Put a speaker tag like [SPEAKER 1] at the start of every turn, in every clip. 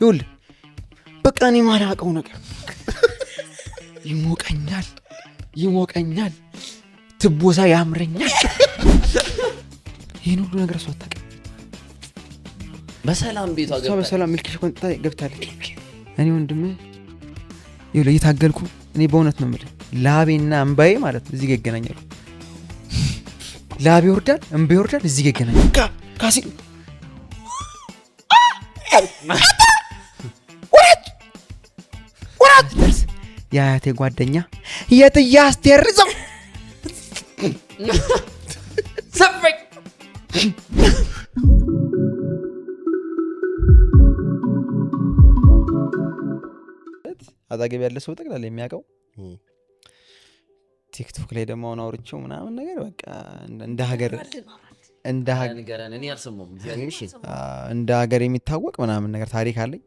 [SPEAKER 1] ይውል በቃ እኔ ማላቀው ነገር ይሞቀኛል፣ ይሞቀኛል፣ ትቦሳ ያምረኛል። ይህን ሁሉ ነገር እሷ አታውቅም።
[SPEAKER 2] በሰላም ቤቷ
[SPEAKER 1] በሰላም ምልክሽ ቆንጥታ ገብታለች። እኔ ወንድም ይውል እየታገልኩ እኔ በእውነት ነው የምልህ ላቤና እምባዬ ማለት ነው እዚህ ጋ ይገናኛሉ። ላቤ ይወርዳል፣ እምባ ይወርዳል፣ እዚህ ጋ ካሲ ስደርስ የአያቴ ጓደኛ የጥዬ አስቴር ዘው ዘፈኝ አጠገብ ያለ ሰው ጠቅላላ የሚያውቀው ቲክቶክ ላይ ደግሞ አሁን አውርቼው ምናምን ነገር በቃ እንደ ሀገር እንደ ሀገር የሚታወቅ ምናምን ነገር ታሪክ አለኝ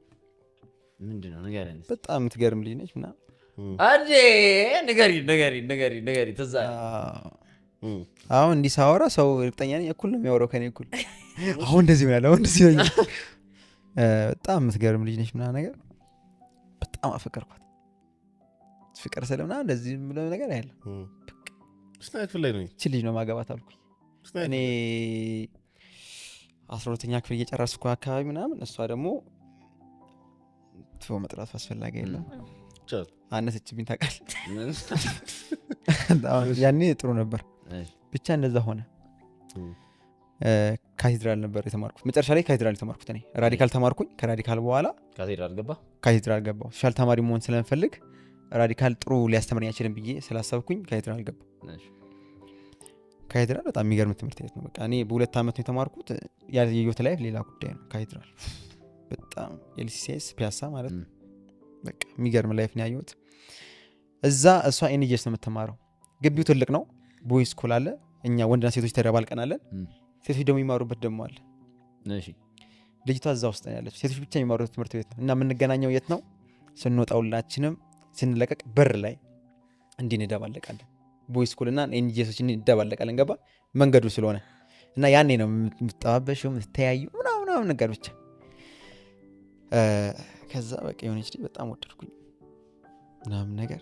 [SPEAKER 2] ምንድነው? ንገረን።
[SPEAKER 1] በጣም የምትገርም ልጅ ነች። ምናምን
[SPEAKER 2] አንዴ ንገሪን ንገሪን ንገሪን ንገሪን። ትዝ
[SPEAKER 1] አሁን እንዲህ ሳወራ ሰው እርግጠኛ ነኝ እኩል ነው የሚያወራው ከኔ እኩል። አሁን እንደዚህ ሆናል። አሁን እንደዚህ ሆ በጣም የምትገርም ልጅ ነች ምናምን ነገር በጣም አፈቀርኳት። ፍቅር ስለምና እንደዚህ ብለ ነገር ያለ ች ልጅ ነው ማገባት አልኩኝ። እኔ አስራ ሁለተኛ ክፍል እየጨረስኩ አካባቢ ምናምን እሷ ደግሞ ጥፎ መጥራቱ አስፈላጊ የለም አነሰችብኝ ታቃል ያኔ ጥሩ ነበር ብቻ እንደዛ ሆነ ካቴድራል ነበር የተማርኩት መጨረሻ ላይ ካቴድራል የተማርኩት እኔ ራዲካል ተማርኩኝ ከራዲካል በኋላ ካቴድራል ገባው ሶሻል ተማሪ መሆን ስለምፈልግ ራዲካል ጥሩ ሊያስተምረኝ ያችልን ብዬ ስላሰብኩኝ ካቴድራል ገባ ካቴድራል በጣም የሚገርም ትምህርት ቤት ነው በቃ እኔ በሁለት ዓመት ነው የተማርኩት የዮት ላይፍ ሌላ ጉዳይ ነው ካቴድራል በጣም ኤልሲሲስ ፒያሳ ማለት በቃ የሚገርም ላይፍ ነው ያየሁት። እዛ እሷ ኤንጂኤስ ነው የምትማረው። ግቢው ትልቅ ነው፣ ቦይ ስኩል አለ። እኛ ወንድና ሴቶች ተደባልቀናለን። ሴቶች ደግሞ የሚማሩበት ደግሞ አለ። ልጅቷ እዛ ውስጥ ያለች። ሴቶች ብቻ የሚማሩበት ትምህርት ቤት ነው እና የምንገናኘው የት ነው? ስንወጣ ሁላችንም ስንለቀቅ በር ላይ እንዲህ እንደባለቃለን። ቦይ ስኩል ስኩልና ኤንጂኤሶች እንደባለቃለን። ገባ መንገዱ ስለሆነ እና ያኔ ነው የምትጠባበሽው የምትተያዩ ምናምን ነገር ብቻ ከዛ በቃ የሆነች በጣም ወደድኩኝ ምናምን ነገር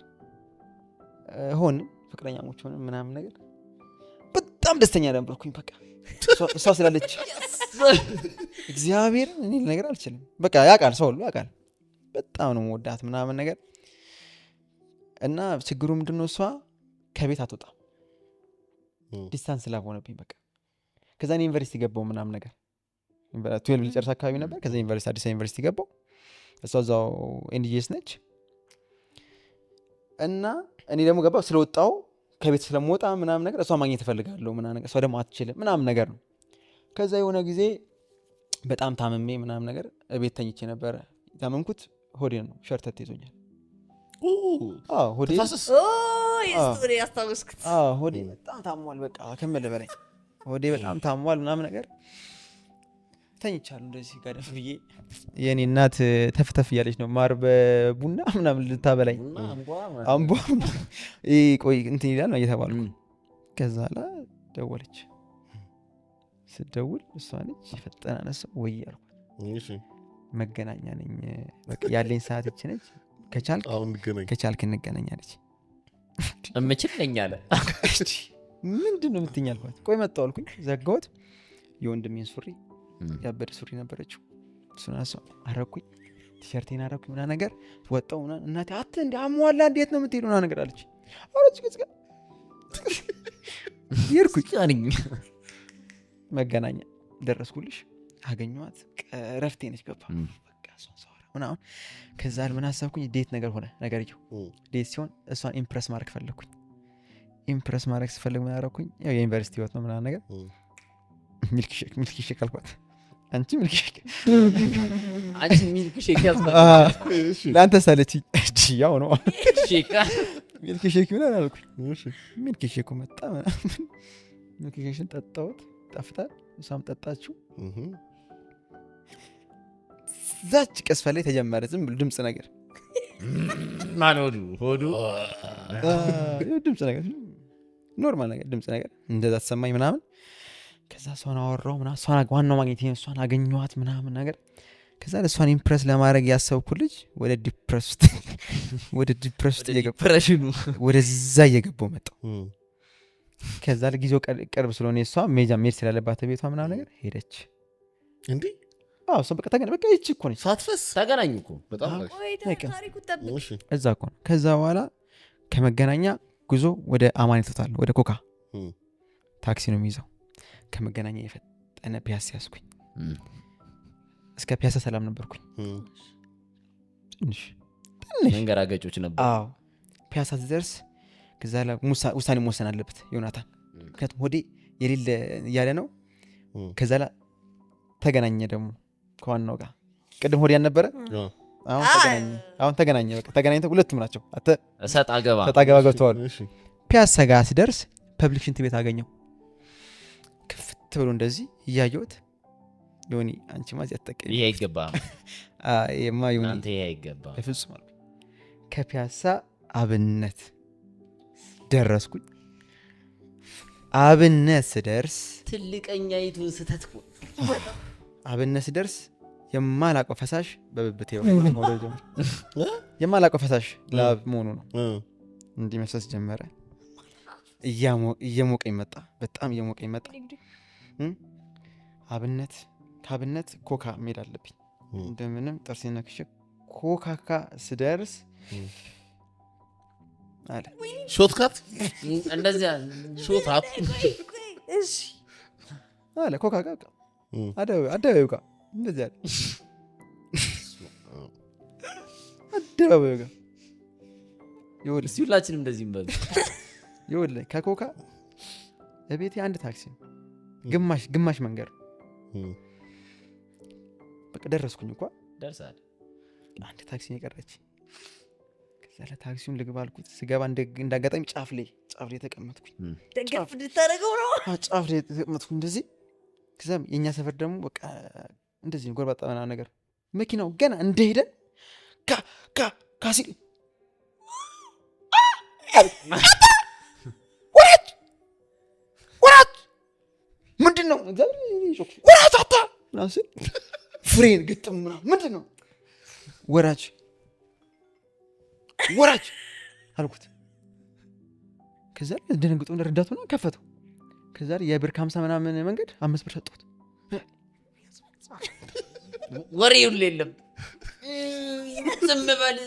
[SPEAKER 1] ሆን ፍቅረኛሞች ሆን ምናምን ነገር በጣም ደስተኛ ነበርኩኝ። በቃ እሷ ስላለች እግዚአብሔር እኔ ነገር አልችልም። በቃ ያውቃል፣ ሰው ሁሉ ያቃል በጣም ነው መወዳት ምናምን ነገር እና ችግሩ ምንድነው እሷ ከቤት አትወጣም። ዲስታንስ ላብ ሆነብኝ። በቃ ከዛ ዩኒቨርሲቲ ገባው ምናምን ነገር ትዌልቭ ልጨርስ አካባቢ ነበር። ከዛ ዩኒቨርሲቲ አዲስ ዩኒቨርሲቲ ገባው። እሷ እዛው ኤንጂኤስ ነች እና እኔ ደግሞ ገባው ስለወጣው ከቤት ስለምወጣ ምናምን ነገር እሷ ማግኘት እፈልጋለሁ እሷ ደግሞ አትችልም ምናምን ነገር ነው። ከዛ የሆነ ጊዜ በጣም ታምሜ ምናምን ነገር ቤት ተኝቼ ነበረ። ታመምኩት ሆዴ ነው ሸርተት ይዞኛል። ሆዴ በጣም ታሟል፣ በቃ ከምልህ ሆዴ በጣም ታሟል ምናምን ነገር ተኝቻለሁ እንደዚህ ጋደም ብዬ። የእኔ እናት ተፍተፍ እያለች ነው ማር በቡና ምናምን ልታበላኝ አምቧ ቆይ እንትን ይላል ነው እየተባሉ ከዛ ላ ደወለች። ስደውል እሷ ነች ፈጠና ነሳ ወይ አልኩ። መገናኛ ነኝ ያለኝ ሰዓት ይች ነች፣ ከቻልክ እንገናኛለች።
[SPEAKER 2] እምችል ነኝ አለ።
[SPEAKER 1] ምንድን ነው የምትይኝ አልኳት። ቆይ መጣሁ አልኩኝ። ዘጋሁት የወንድሜን ሱሪ ያበደ ሱሪ ነበረችው። እሱን አረኩኝ፣ ቲሸርቴን አረኩኝ ምናምን ነገር ወጣው ምናምን። እና አት እንዲ አሟላ እንዴት ነው የምትሄዱ ምናምን ነገር አለች። ግጽ ሄድኩኝ፣ መገናኛ ደረስኩልሽ፣ አገኘኋት። ረፍቴ ነች ገባ ምናሁን ከዛ ምን አሰብኩኝ፣ ዴት ነገር ሆነ ነገር ዴት ሲሆን እሷን ኢምፕረስ ማድረግ ፈለግኩኝ። ኢምፕረስ ማድረግ ስፈልግ ምን ያረኩኝ የዩኒቨርሲቲ ወት ነው ምናምን ነገር ሚልክ ሼክ አልኳት። አንቺ ሚልክሼክ
[SPEAKER 2] አንቺ ሚልክሼክ
[SPEAKER 1] ለአንተ ሳለችኝ እቺ ያው ነው ሚልክሼክ ይሆናል አልኩኝ ሚልክሼኩ መጣ ሚልክሼክሽን ጠጣሁት ጠፍታል እሷም ጠጣችው ዛች ቀስፈ ላይ ተጀመረ ዝም ብሎ ድምፅ ነገር
[SPEAKER 2] ማንሆዱ ሆዱ
[SPEAKER 1] ድምፅ ነገር ኖርማል ነገር ድምፅ ነገር እንደዛ ተሰማኝ ምናምን ከዛ እሷን አወራው ምና እሷን ዋናው ማግኘት እሷን አገኘዋት ምናምን ነገር ከዛ ለእሷን ኢምፕረስ ለማድረግ ያሰብኩ ልጅ ወደ ዲፕረስ ወደ ዲፕረስ ውስጥ ወደዛ እየገባው መጣው ከዛ ለጊዜው ቅርብ ስለሆነ እሷ ሜጃ ሜድ ስላለባት ቤቷ ምናምን ነገር ሄደች እንዲህ በቃ ይቺ እዛ እኮ ከዛ በኋላ ከመገናኛ ጉዞ ወደ አማኔ ትቶታል ወደ ኮካ ታክሲ ነው የሚይዘው ከመገናኛ የፈጠነ ፒያሳ ያስኩኝ። እስከ ፒያሳ ሰላም ነበርኩኝ።
[SPEAKER 2] ትንሽ ትንሽ መንገራገጮች
[SPEAKER 1] ነበር። ፒያሳ ዘርስ ከዛ ውሳኔ መወሰን አለበት ዮናታን፣ ምክንያቱም ሆዴ የሌለ እያለ ነው። ከዛ ላ ተገናኘ ደግሞ ከዋናው ጋር ቅድም ሆዴ ያልነበረ አሁን ተገናኘ። በቃ ሁለቱም ናቸው ሰጣ ገባ ገብተዋል። ፒያሳ ጋር ስደርስ ፐብሊክ ሽንት ቤት አገኘው። ፍት ብሎ እንደዚህ እያየሁት ዮኒ አንቺ ማ ያትጠቀኝ ከፒያሳ አብነት ደረስኩኝ። አብነት ስደርስ
[SPEAKER 2] ትልቀኛ ይቱን ስተት
[SPEAKER 1] አብነት ስደርስ የማላቀ ፈሳሽ በብብት የማላቀ ፈሳሽ ላብ መሆኑ ነው። እንዲህ መፍሰስ ጀመረ። እየሞቀ ይመጣ በጣም እየሞቀ ይመጣ አብነት ከአብነት ኮካ መሄድ አለብኝ። እንደምንም ጥርሴ ነክሼ ኮካካ ስደርስ
[SPEAKER 2] አለ ሾትካት እንደዚያ ሾታት
[SPEAKER 1] አደባባዩ ጋ እንደዚያ አለ አደባባዩ ጋ
[SPEAKER 2] ሁላችንም እንደዚህ
[SPEAKER 1] ከኮካ እቤቴ አንድ ታክሲ ነው ግማሽ ግማሽ መንገድ በቃ ደረስኩኝ እኳ ደርሳል አንድ ታክሲ የቀረች ከዛ ለታክሲውን ልግባ አልኩት ስገባ እንዳጋጣሚ ጫፍ ላይ ጫፍ ላይ ተቀመጥኩኝ ደገፍ እንድታደረገው ነው ጫፍ ላይ ተቀመጥኩ እንደዚህ ከዛም የእኛ ሰፈር ደግሞ በቃ እንደዚህ ጎርባጣ ምናምን ነገር መኪናው ገና እንደሄደ ካሲ ነው ወራጅ አታ ፍሬን ግጥም ምንድን ነው ወራጅ ወራጅ አልኩት። ከዛ ደነግጦ ረዳቱ ነው ከፈተው። ከዛ የብር ከሀምሳ ምናምን መንገድ አምስት ብር ሰጠሁት።
[SPEAKER 2] ወሬ ሁሉ የለም ዝም በል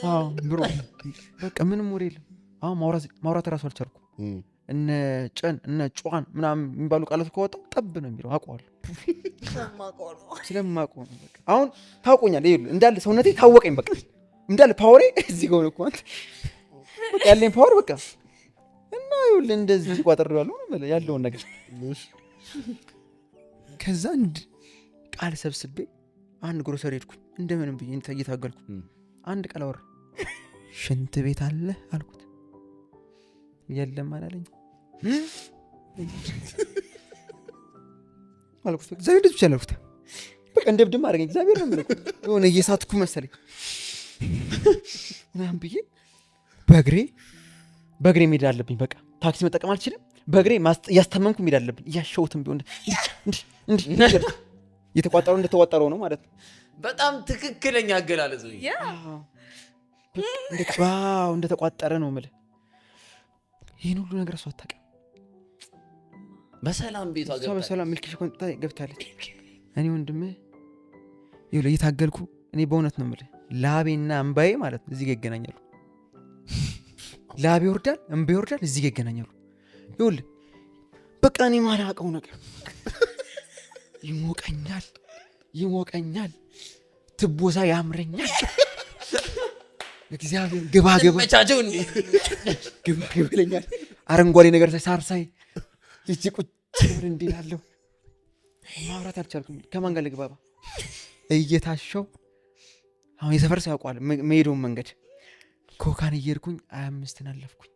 [SPEAKER 1] በቃ ምንም ወሬ የለም። አሁን ማውራት እራሱ አልቻልኩም። እነ ጨን እነ ጨዋን ምናምን የሚባሉ ቃላት ከወጣ ጠብ ነው የሚለው። አውቀዋለሁ ስለማውቀው ነው። አሁን ታውቆኛል። ይኸውልህ እንዳለ ሰውነቴ ታወቀኝ። በቃ እንዳለ ፓወሬ እዚህ ጋር ነው እኮ አንተ ያለኝ ፓወር በቃ እና ይኸውልህ እንደዚህ ቋጠር ያለው ያለውን ነገር ከዛ አንድ ቃል ሰብስቤ አንድ ግሮሰሪ ሄድኩኝ። እንደምንም ብዬ እየታገልኩ አንድ ቃል አወራ። ሽንት ቤት አለ አልኩት። የለም አላለኝ አልኩት። እግዚአብሔር እንደዚህ ብቻ አልኩት። በቃ እንደ እብድም አደረገኝ። እግዚአብሔር ነው የምልኩት። የሆነ እየሳትኩ መሰለኝ ብዬ በእግሬ በእግሬ መሄድ አለብኝ። በቃ ታክሲ መጠቀም አልችልም። በእግሬ መሄድ አለብኝ። እያሸውትም ቢሆን እንደተቋጠረው ነው ማለት ነው።
[SPEAKER 2] በጣም ትክክለኛ አገላለጽ
[SPEAKER 1] እንደተቋጠረ ነው ይህን ሁሉ ነገር እሷ አታውቅም።
[SPEAKER 2] በሰላም ቤቷ
[SPEAKER 1] በሰላም ምልክሽ ገብታለች። እኔ ወንድምህ ይኸውልህ እየታገልኩ እኔ በእውነት ነው የምልህ ላቤና እምባዬ ማለት ነው እዚህ ጋ ይገናኛሉ። ላቤ ይወርዳል፣ እምባ ይወርዳል፣ እዚህ ጋ ይገናኛሉ። ይሁል በቃ እኔ ማላውቀው ነገር ይሞቀኛል፣ ይሞቀኛል፣ ትቦሳ ያምረኛል። እግዚአብሔር ግባ ግባ ግባ ግብለኛል። አረንጓዴ ነገር ሳይ ሳር ሳይ እዚህ ቁጭ ብር እንዴት አለሁ ማውራት አልቻልኩም። ከማን ጋር ልግባባ? እየታሸው አሁን የሰፈር ሰው ያውቀዋል መሄደውን መንገድ ኮካን እየርኩኝ ሀያ አምስትን አለፍኩኝ።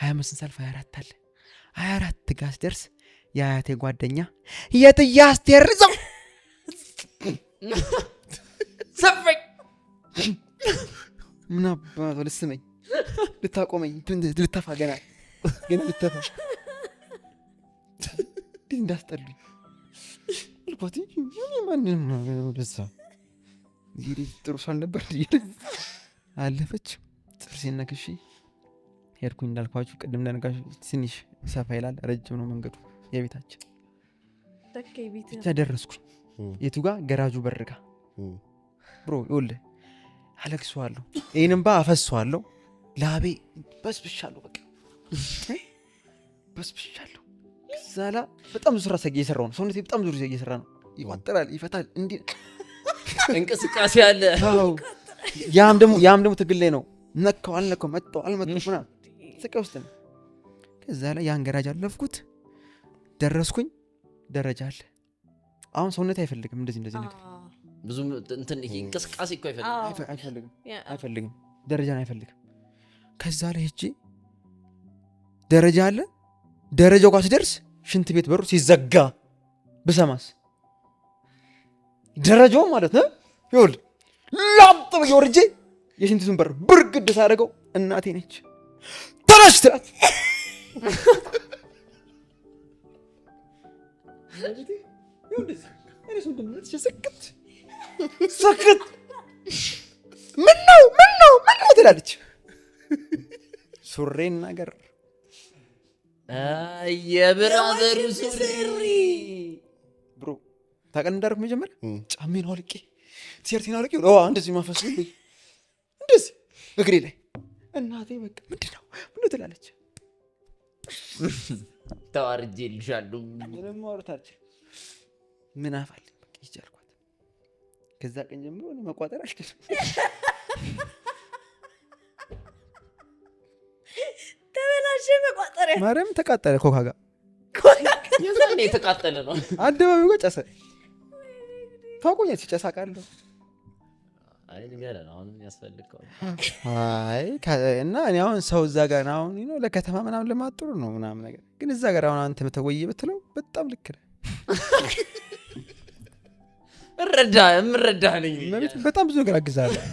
[SPEAKER 1] ሀያ አምስትን ሳልፍ ሀያ አራት አለ። ሀያ አራት ጋር ስደርስ የአያቴ ጓደኛ የትያ አስቴርዘው ሰፈኝ ምናባ ልስመኝ ልታቆመኝ ልተፋ ገና ግን ልተፋ እንዳስጠሉኝ ማንም ጥሩ ሰው አለፈች። ጥርሴን ነክሼ ሄድኩኝ። እንዳልኳችሁ ቅድም ትንሽ ሰፋ ይላል፣ ረጅም ነው መንገዱ የቤታችን ብቻ ደረስኩ የቱ ጋ ገራጁ በርጋ ብሮ ይኸውልህ፣ አለቅሰዋለሁ፣ ይህን እምባ አፈሰዋለሁ፣ ላቤ በስብሻለሁ፣ በቃ በስብሻለሁ። ከዛ በጣም ብዙ ስራ እየሰራው ነው። ሰውነቴ በጣም ብዙ እየሰራ ነው። ይቋጠራል፣ ይፈታል፣ እንዲ
[SPEAKER 2] እንቅስቃሴ አለ።
[SPEAKER 1] ያም ደግሞ ትግል ላይ ነው። ነካው አልነካው፣ መጣው አልመጣው ምና ስቀ ውስጥ ነው። ከዛ ላይ ያን ገራጅ አለፍኩት፣ ደረስኩኝ። ደረጃ አለ። አሁን ሰውነት አይፈልግም እንደዚህ እንደዚህ ነገር
[SPEAKER 2] ብዙ እንቅስቃሴ እኮ
[SPEAKER 1] አይፈልግም፣ አይፈልግም፣ ደረጃን አይፈልግም። ከዛ ላይ ሄጄ ደረጃ አለ ደረጃው ጋር ሲደርስ ሽንት ቤት በሩ ሲዘጋ ብሰማስ? ደረጃው ማለት ነው። ይኸውልህ ላምጥ ብዬ ወርጄ የሽንቲቱን በር ብርግድ ሳደርገው እናቴ ነች። ተነሽ ትላት። ስክት ምን ነው ምን ነው ምን ነው ትላለች። ሱሬን ነገር
[SPEAKER 2] የብራዘሩ ሱሪ
[SPEAKER 1] ብሮ ታውቀን እንዳደረኩ መጀመሪያ ጫሜን አውልቄ ቲሸርቴን አውልቄ እንደዚህ ማፈስ እንደዚህ እግሬ ላይ እናቴ በቃ ምንድነው ምን ትላለች።
[SPEAKER 2] ተዋርጄ ልሻሉ
[SPEAKER 1] ምንም ማውራት አልችልም። ምን አፋል ሂጅ ከዛ ቀን ጀምሮ መቋጠር አልችልም።
[SPEAKER 2] ተበላሸ መቋጠሪያ
[SPEAKER 1] ማርያም ተቃጠለ ኮካ ጋር
[SPEAKER 2] የተቃጠለ ነው
[SPEAKER 1] አደባቢ ጋር ጨሰ ታውቆኛል ሲጨሳ ቃለሁ እና እኔ አሁን ሰው እዛ ጋር አሁን ለከተማ ምናምን ለማጥሩ ነው ምናምን ነገር ግን እዛ ጋር አሁን አንተ ተወየ ብትለው በጣም ልክ ነህ
[SPEAKER 2] እረዳ የምረዳህ ነኝ
[SPEAKER 1] በጣም ብዙ ነገር አግዛለ